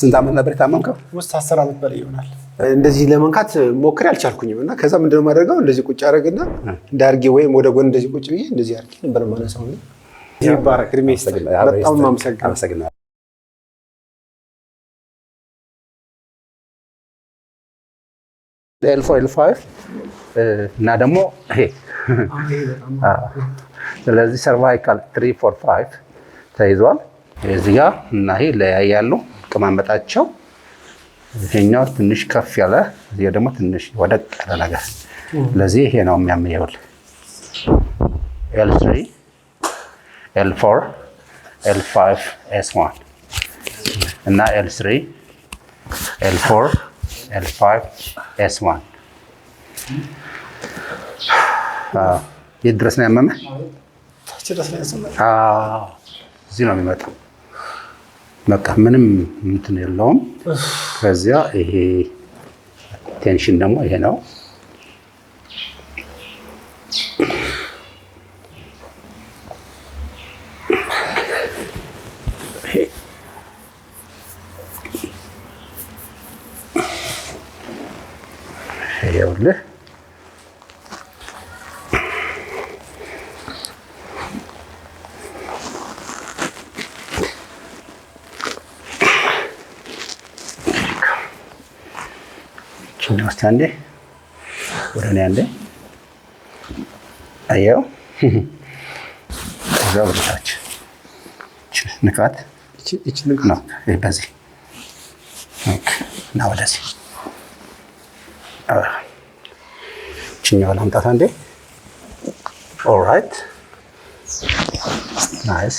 ስንት ዓመት ነበር የታመምከው? ውስጥ አስር ዓመት በላይ ይሆናል። እንደዚህ ለመንካት ሞክሬ አልቻልኩኝም እና ከዛ ምንድነው የማደርገው እንደዚህ ቁጭ አደረግና እንዳርጌ ወይም ወደ ጎን እንደዚህ ቁጭ ብዬ እንደዚህ አድርጌ ነበር የማነሳው። ይባረክ፣ እድሜ ይስጥልኝ። በጣም አመሰግናለሁ። ኤል ፎር እና ደግሞ ስለዚህ ሰርቫይካል ትሪ ፎር ፋይቭ ተይዟል እዚህ ጋ እና ይሄ ለያያሉ አቀማመጣቸው ይሄኛው ትንሽ ከፍ ያለ እዚህ ደግሞ ትንሽ ወደቅ ያለ ነገር፣ ለዚህ ይሄ ነው የሚያምየውል ኤል ትሪ ኤል ፎር ኤል5 ኤስ ዋን እና ኤል ትሪ ኤል ፎር ኤል5 ኤስ ዋን የት ድረስ ነው ያመመህ? እዚህ ነው የሚመጣው በቃ ምንም እንትን የለውም። ከዚያ ይሄ ቴንሽን ደግሞ ይሄ ነው። እሺ ውስጥ አንዴ ወደ እኔ አንዴ አየው። እዛ ወደታች ንካት። እቺ ንካት ነው። በዚህ እና ወደዚህ እችኛዋን አምጣት አንዴ። ኦልራይት ናይስ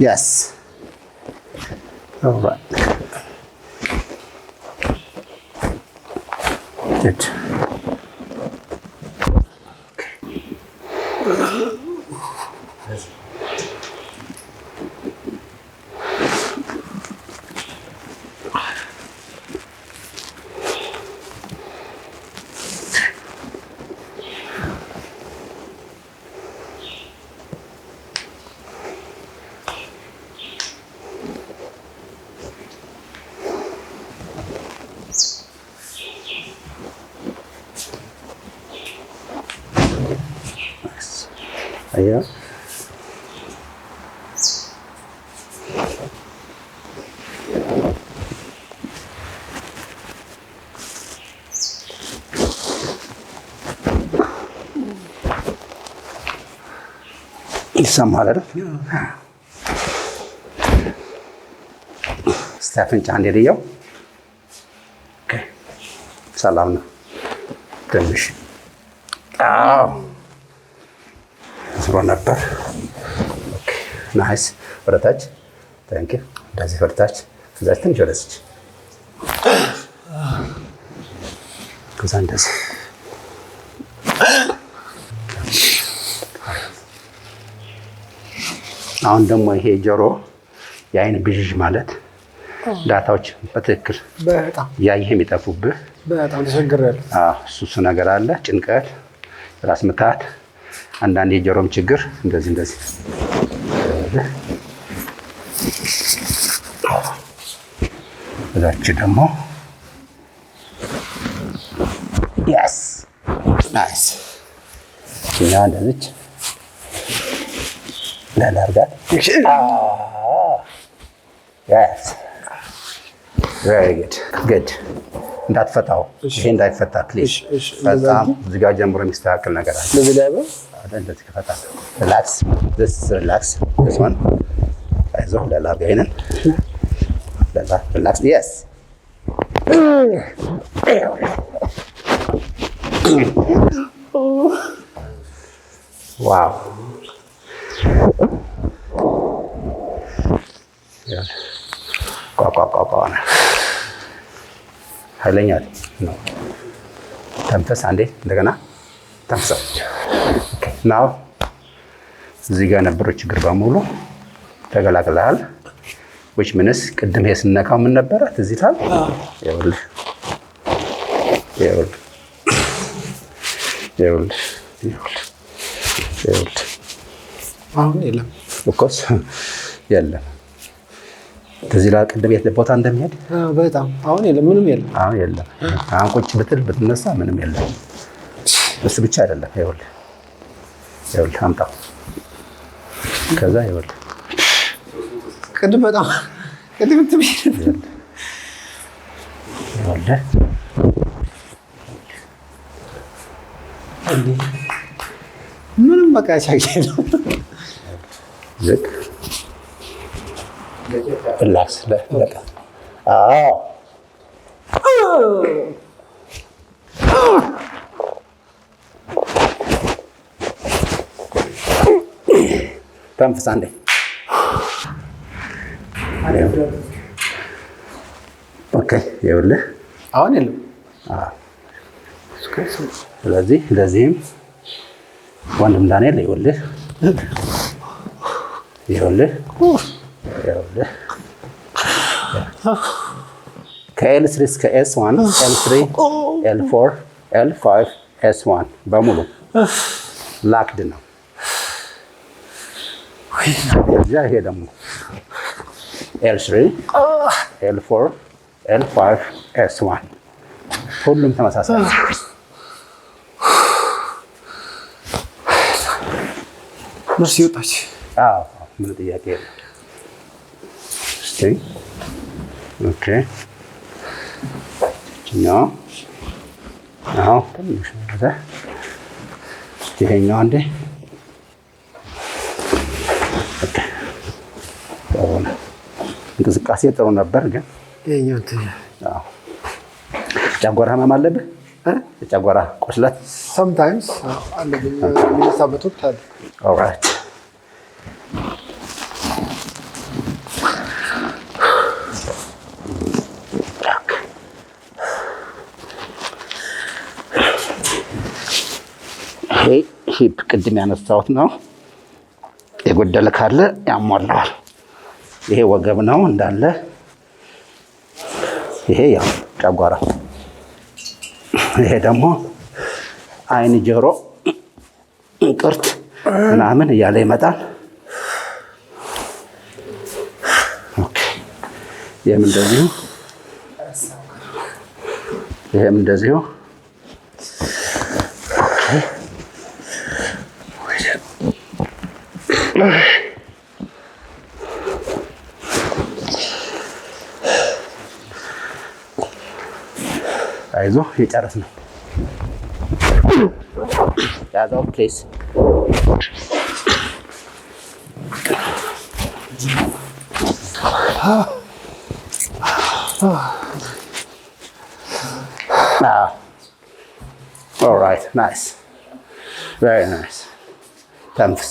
Yes. All right. Good. ይሰማል አይደል? እስቲ አፍንጫ ልየው። ሰላም ነው። ትንሽ ዝሮ ነበር። ናይስ። ወደታች ታንክ እንደዚህ ወደታች፣ ከዛች ትንሽ ወደስች፣ ከዛ እንደዚህ አሁን ደግሞ ይሄ ጆሮ የአይን ብዥዥ ማለት ዳታዎች በትክክል ያየህ የሚጠፉብህ እሱ ነገር አለ፣ ጭንቀት፣ ራስ ምታት፣ አንዳንድ የጆሮም ችግር እንደዚህ እንደዚህ እዛች ደግሞ ያስ ናይስ ያ እንደዚች ና ላርጋት። እንዳትፈታው፣ ይሄ እንዳይፈታ ፕሊዝ። በጣም እዚህ ጋር ጀምሮ የሚስተካከል ነገር አለ። እንደዚህ ከፈታህ ሪላክስ፣ ሪላክስ ን አይዞህ፣ ለላርጋ ይሄንን ሪላክስ የስ ዋው ኃይለኛ ነው። ተንፈስ አንዴ፣ እንደገና ተንፍሰው ናው። እዚህ ጋር ነበረው ችግር በሙሉ ተገላግለሃል። ዊች ምንስ ቅድም ይሄ ስነካው ምን ነበረ ትዝታል? ይኸውልህ ይኸውልህ ይኸውልህ ይኸውልህ አሁን የለም እኮ የለም ከዚህ ላይ ቅድም የት ቦታ እንደሚሄድ በጣም አሁን የለም፣ ምንም የለም፣ አሁን የለም። አሁን ቁጭ ብትል ብትነሳ ምንም የለም። እሱ ብቻ አይደለም። ይኸውልህ፣ ይኸውልህ አምጣው። ከዛ ይኸውልህ፣ ቅድም በጣም ቅድም ትብ ይኸውልህ፣ ምንም በቃ ቻጌ ነው ልክ ላስለቀ ተንፍስ ኦኬ ይኸውልህ አሁን የለም። ስለዚህ ለዚህም ወንድም ዳንኤል ይኸውልህ ይኸውልህ ከኤል3 እስከ ኤስ ዋን ኤል3 ኤል4 ኤል5 ኤስ1 በሙሉ ላክድ ነው። እዛ ይሄ ደግሞ ኤል3 ኤል4 ኤል5 ኤስ1 ሁሉም ተመሳሳይ ምርስ ይወጣች። ምን ጥያቄ የለም። ኦኬ። ይችኛው አሁን ትንሽ ወደ ይሄኛው አንዴ እንቅስቃሴ ጥሩ ነበር፣ ግን ጨጓራ ህመም አለብህ? ጨጓራ ቁስለት ሰምታይምስ አለብኝ። ቴፕ ቅድም ያነሳሁት ነው። የጎደለ ካለ ያሟላዋል። ይሄ ወገብ ነው እንዳለ። ይሄ ያው ጨጓራ፣ ይሄ ደግሞ አይን፣ ጆሮ፣ እንቅርት ምናምን እያለ ይመጣል። ይህም እንደዚሁ ይህም እንደዚሁ አይዞ የጨረስ ነው ያዛው ፕሌስ ኦል ራይት ናይስ ቬሪ ናይስ ተንፍስ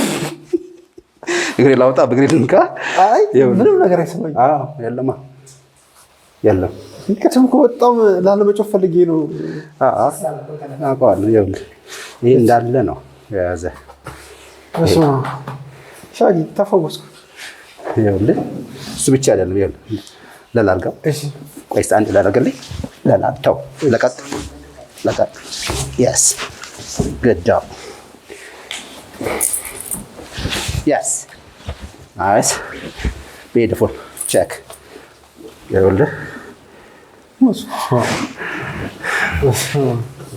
እግሬ ላውጣ በእግሬ ልንካ። አይ ምንም ነገር አይሰማኝ። አዎ የለማ የለም። ቅድም እኮ በጣም ላለመጮፍ ፈልጌ ነው። አውቀዋለሁ። ይኸውልህ ይህ እንዳለ ነው የያዘ ሻጊ ተፈወስኩ። ይኸውልህ እሱ ብቻ አይደለም። ይኸውልህ ለላልጋው ቆይ አንድ ላደርግልኝ ለላተው ለቀጥ ለቀጥ የስ ግድ ያስ Nice. Beautiful. Check. ይኸውልህ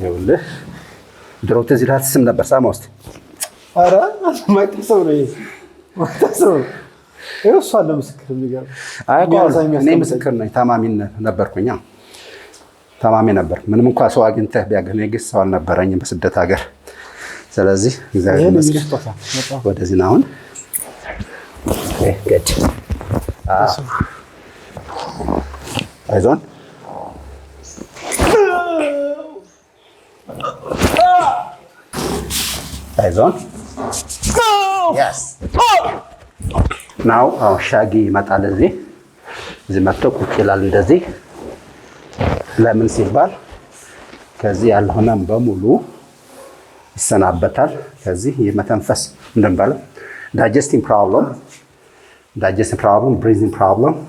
ይኸውልህ ድሮ ትዝ ይልሃል ስም ነበር ሳማ ውስጥ ኧረ ማይጠቅሰው ነው ማይጠቅሰው ነው እሱ አለ ምስክር እኔ ምስክር ነኝ ታማሚ ነበርኩኝ ታማሚ ነበር ምንም እንኳ ሰው አግኝተህ ቢያገኝ ግን ሰው አልነበረኝም በስደት ሀገር ስለዚህ እግዚአብሔር ይመስገን ወደዚህ አሁን Okay, good. Awesome. Uh, eyes on. Eyes on. Yes. ናው አሁን ሻጊ ይመጣል። እዚህ እዚህ መጥቶ ቁጭ ይላል እንደዚህ። ለምን ሲባል ከዚህ ያልሆነም በሙሉ ይሰናበታል። ከዚህ የመተንፈስ እንደምባለው digesting problem, digesting problem, breathing problem,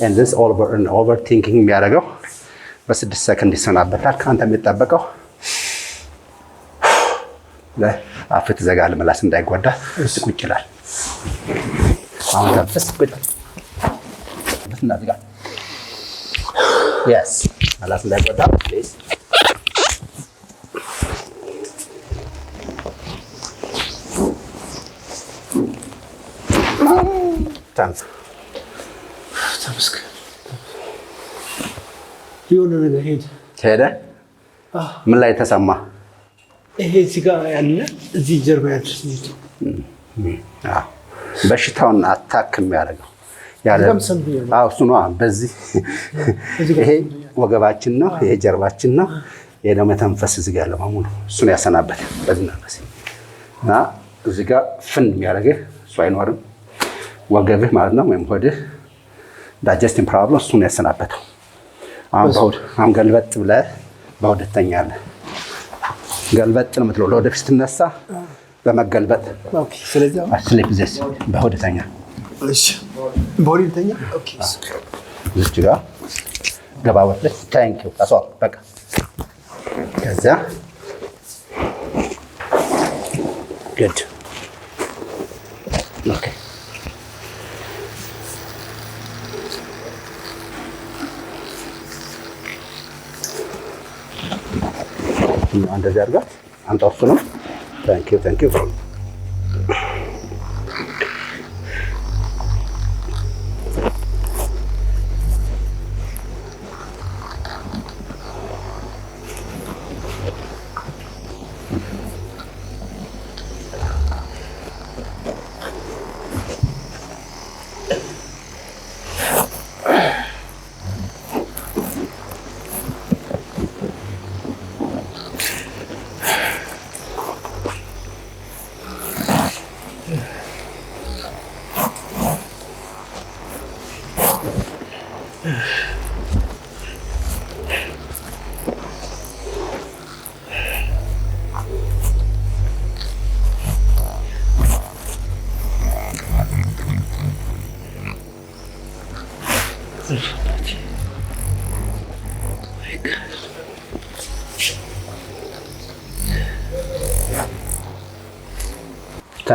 and this all over and over thinking የሚያደርገው በስድስት ሰከንድ ይሰናበታል። ከአንተ የሚጠበቀው አፍ ትዘጋል፣ ምላስ እንዳይጎዳ ቁጭ ይላል። አሁን ተንፍስ፣ ቁጭ ምላስ እንዳይጎዳ ቻንስ የሆነ ነገር ሄደ ሄደ። ምን ላይ ተሰማ? ይሄ እዚህ ጋር ያለ እዚህ ጀርባ ያለ በሽታውን አታክ የሚያደርገው እሱ ነው። በዚህ ይሄ ወገባችን ነው፣ ይሄ ጀርባችን ነው፣ ይሄ ደግሞ የተንፈስ እዚህ ጋር ያለ በሙሉ እሱን ያሰናበት በዚህ መንፈስ እና እዚህ ጋር ፍን የሚያደርገህ እሱ አይኖርም። ወገብህ ማለት ነው ወይም ሆድህ ዳጀስቲን ፕሮብለም እሱን ያሰናበተው። አሁን ገልበጥ ብለ በሆድ ትተኛለህ። ገልበጥ ነው የምትለው። ለወደፊት ስትነሳ በመገልበጥ ስሌፕ ዜስ በሆድ ተኛ። እዚች ጋር ገባ ወለች ታንኪው አስዋ በቃ ከዚያ ግድ ኦኬ እንደዚህ አድርጋት አምጣ። እሱንም ታንኪዩ ታንኪዩ።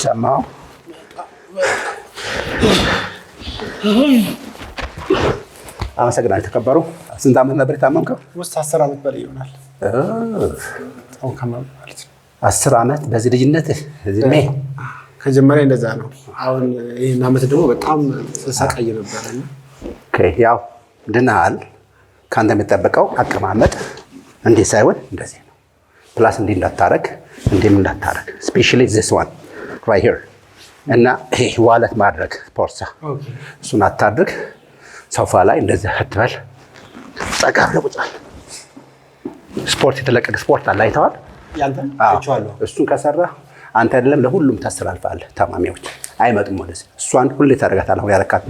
የሚሰማው አመሰግናለሁ። ተከበሩ። ስንት ዓመት ነበር የታመምከው? ውስጥ አስር ዓመት በላይ ይሆናል። አስር ዓመት በዚህ ልጅነት እድሜ ከጀመሪያ እንደዛ ነው። አሁን ይህን ዓመት ደግሞ በጣም ተሰቃይ ነበር። ያው ድናል። ከአንተ የሚጠበቀው አቀማመጥ እንዲህ ሳይሆን እንደዚህ ነው። ፕላስ እንዲህ እንዳታረግ እንዲህም እንዳታረግ ስፔሻሊ ዚስ ዋን ራይ እና ይሄ ዋለት ማድረግ ፖርሳ እሱን አታድርግ። ሶፋ ላይ እንደዚህ አትበል። ጠጋ ብለህ ቁጭ ስፖርት የተለቀቀ ስፖርት አለ አይተዋል። እሱን ከሰራ አንተ አይደለም ለሁሉም ታስተላልፋለህ። ታማሚዎች አይመጡም ወደዚህ። እሷን ሁሌ ታደርጋታለህ። አሁን ያረካት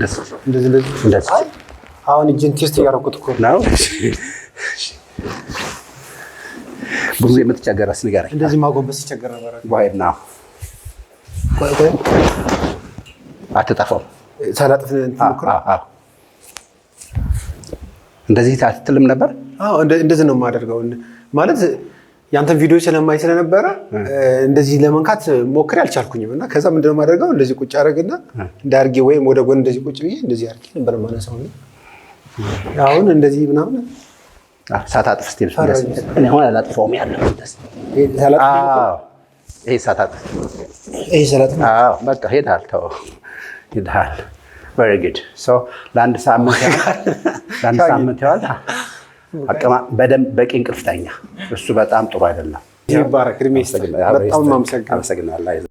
አሁን እጅን ቴስት እያረኩት እኮ ነው። ብዙ የምትቸገረስ ንገረኝ። እንደዚህ ማጎንበስ ይቸገር ነበር። አትጠፋም። ሳላጥፍ እንደዚህ አትልም ነበር። እንደዚህ ነው የማደርገው ማለት ያንተን ቪዲዮ ስለማይ ስለነበረ እንደዚህ ለመንካት ሞክሬ አልቻልኩኝም። እና ከዛ ምንድነው የማደርገው እንደዚህ ቁጭ አደርግና እንዳርጌ ወይም ወደ ጎን እንደዚህ ቁጭ ብዬ እንደዚህ አድርጌ ነበር ማነሳው። አሁን እንደዚህ ምናምን ሳታጥፍ ስ ሳላጥፈውም ያለው ይሄ ይሄ አዎ፣ በቃ ተው ጉድ ሶ ለአንድ ሳምንት ለአንድ ሳምንት አቀማ በደንብ በቂ እንቅልፍ ተኛ። እሱ በጣም ጥሩ አይደለም። ይባረክ። እድሜ በጣም አመሰግናለሁ።